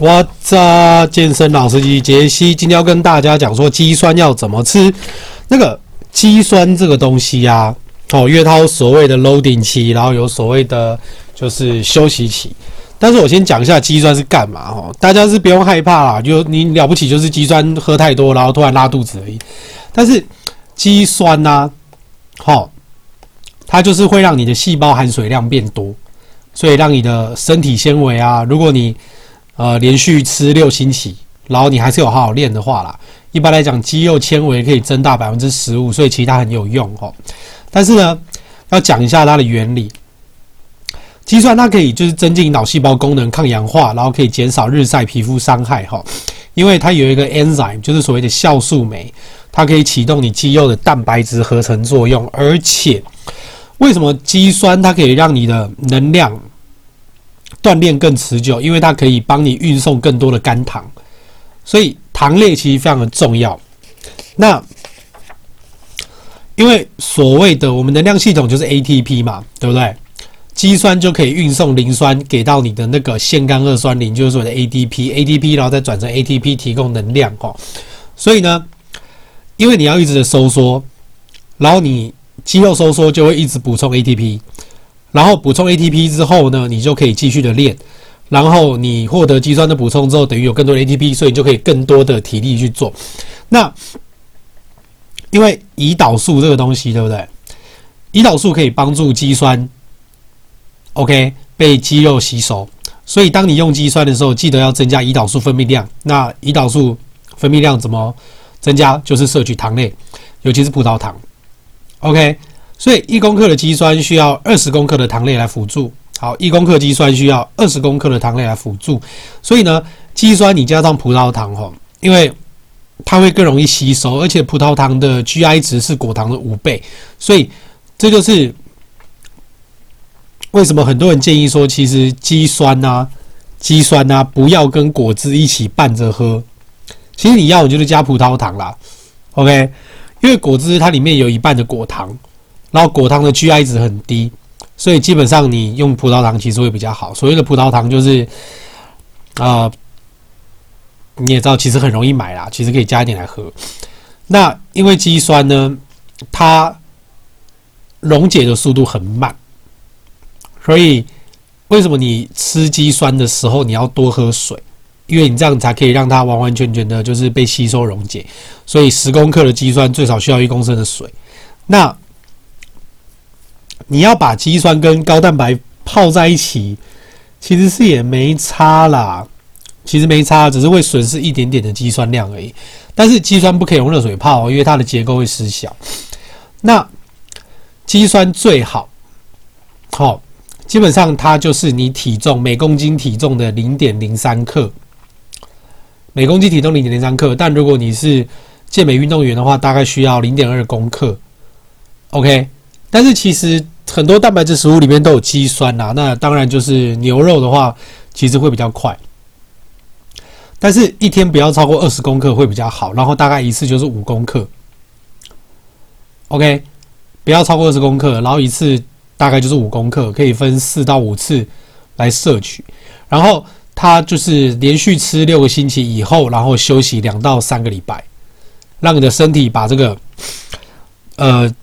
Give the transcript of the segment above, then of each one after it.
我這健身老師機傑西，今天要跟大家講說肌酸要怎麼吃。那個肌酸這個東西呀，哦，因為它有所謂的 loading 期，然後有所謂的就是休息期。但是我先講一下肌酸是幹嘛哦，大家是不用害怕啦，就你了不起就是肌酸喝太多，然後突然拉肚子而已。但是肌酸呢，哦，它就是會讓你的細胞含水量變多，所以讓你的身體纖維啊，如果你呃，連續吃六星期，然後你還是有好好練的話啦。一般來講，肌肉纖維可以增大百分之十五，所以其實它很有用哦。但是呢，要講一下它的原理。肌酸它可以就是增進腦細胞功能、抗氧化，然後可以減少日曬皮膚傷害哈、哦。因為它有一個 enzyme，就是所謂的酵素酶，它可以啟動你肌肉的蛋白質合成作用，而且為什麼肌酸它可以讓你的能量？鍛鍊更持久，因為它可以幫你運送更多的肝糖，所以糖類其實非常的重要。那因為所謂的我們能量系統就是 ATP 嘛，對不對？肌酸就可以運送磷酸給到你的那個腺苷二酸磷，就是所謂的 ADP，ADP 然後再轉成 ATP 提供能量哦。所以呢，因為你要一直的收縮，然後你肌肉收縮就會一直補充 ATP。然後補充 ATP 之後呢，你就可以繼續的練。然後你獲得肌酸的補充之後，等於有更多的 ATP，所以你就可以更多的體力去做。那因為胰島素這個東西，對不對？胰島素可以幫助肌酸，OK，被肌肉吸收。所以當你用肌酸的時候，記得要增加胰島素分泌量。那胰島素分泌量怎麼增加？就是攝取糖類，尤其是葡萄糖。OK。所以一公克的肌酸需要二十公克的糖類來輔助。好，一公克肌酸需要二十公克的糖類來輔助。所以呢，肌酸你加上葡萄糖吼，因為它會更容易吸收，而且葡萄糖的 GI 值是果糖的五倍，所以這就是為什麼很多人建議說，其實肌酸吶、肌酸吶、啊、不要跟果汁一起拌着喝。其實你要，你就是加葡萄糖啦。OK，因為果汁它裡面有一半的果糖。然後果糖的 GI 值很低，所以基本上你用葡萄糖其實會比較好。所謂的葡萄糖就是，啊，你也知道其實很容易買啦，其實可以加一點來喝。那因為肌酸呢，它溶解的速度很慢，所以為什麼你吃肌酸的時候你要多喝水？因為你這樣才可以讓它完完全全的，就是被吸收溶解。所以十公克的肌酸最少需要一公升的水。那你要把肌酸跟高蛋白泡在一起，其實是也沒差啦，其實沒差，只是會損失一點點的肌酸量而已。但是肌酸不可以用熱水泡，喔，因為它的結構會失效。那肌酸最好，好，喔，基本上它就是你體重每公斤體重的零點零三克，每公斤體重零點零三克。但如果你是健美運動員的話，大概需要零點二公克。OK，但是其實。很多蛋白質食物裡面都有肌酸吶，那當然就是牛肉的話，其實會比較快。但是一天不要超過二十公克會比較好，然後大概一次就是五公克。OK，不要超過二十公克，然後一次大概就是五公克，可以分四到五次來攝取。然後它就是連續吃六個星期以後，然後休息兩到三個禮拜，讓你的身體把這個，呃。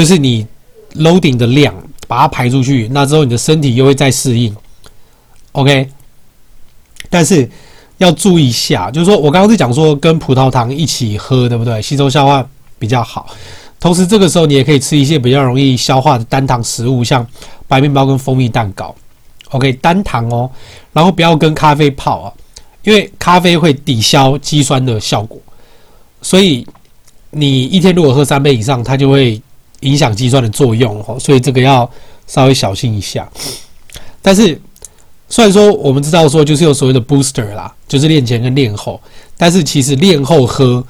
就是你 loading 的量，把它排出去，那之後你的身體又會再適應，OK。但是要注意一下，就是說我剛剛是講說跟葡萄糖一起喝，對不對？吸收消化比較好。同時，這個時候你也可以吃一些比較容易消化的單糖食物，像白麵包跟蜂蜜蛋糕，OK。單糖哦、喔，然後不要跟咖啡泡啊，因為咖啡會抵消肌酸的效果。所以你一天如果喝三杯以上，它就會。影響肌酸的作用哦，所以這個要稍微小心一下。但是，雖然說我們知道說，就是有所謂的 booster 啦，就是練前跟練後，但是其實練後喝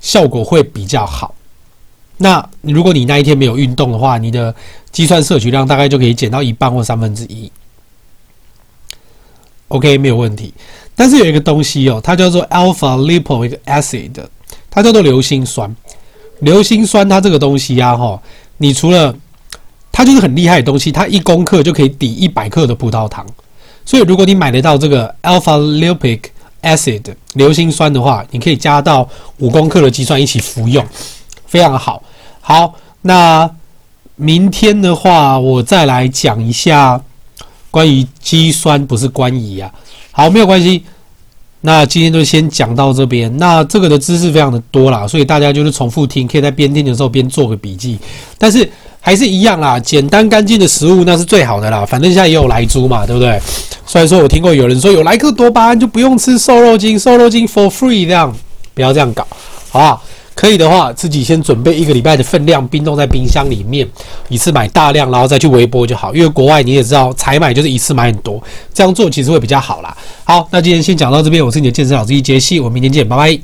效果會比較好。那如果你那一天沒有運動的話，你的肌酸攝取量大概就可以減到一半或三分之一。OK，沒有問題。但是有一個東西哦、喔，它叫做 alpha-lipoic acid，它叫做硫辛酸。硫辛酸，它這個東西呀，吼，你除了它就是很厲害的東西，它一公克就可以抵一百克的葡萄糖，所以如果你買得到這個 alpha lipoic acid 硫辛酸的話，你可以加到五公克的肌酸一起服用，非常好。好，那明天的話，我再來講一下關於肌酸，不是關於啊，好，沒有關係。那今天就先講到這邊。那這個的知識非常的多啦，所以大家就是重複聽，可以在邊聽的時候邊做個筆記。但是還是一樣啦，簡單乾淨的食物那是最好的啦。反正現在也有萊豬嘛，對不對？雖然說我聽過有人說有萊克多巴胺就不用吃瘦肉精，瘦肉精 for free 這樣，不要這樣搞，好不好？可以的話，自己先準備一個禮拜的分量，冰凍在冰箱裡面，一次買大量，然後再去微波就好。因為國外你也知道，採買就是一次買很多，這樣做其實會比較好啦。好，那今天先講到這邊，我是你的健身老師機傑西，我們明天見，拜拜。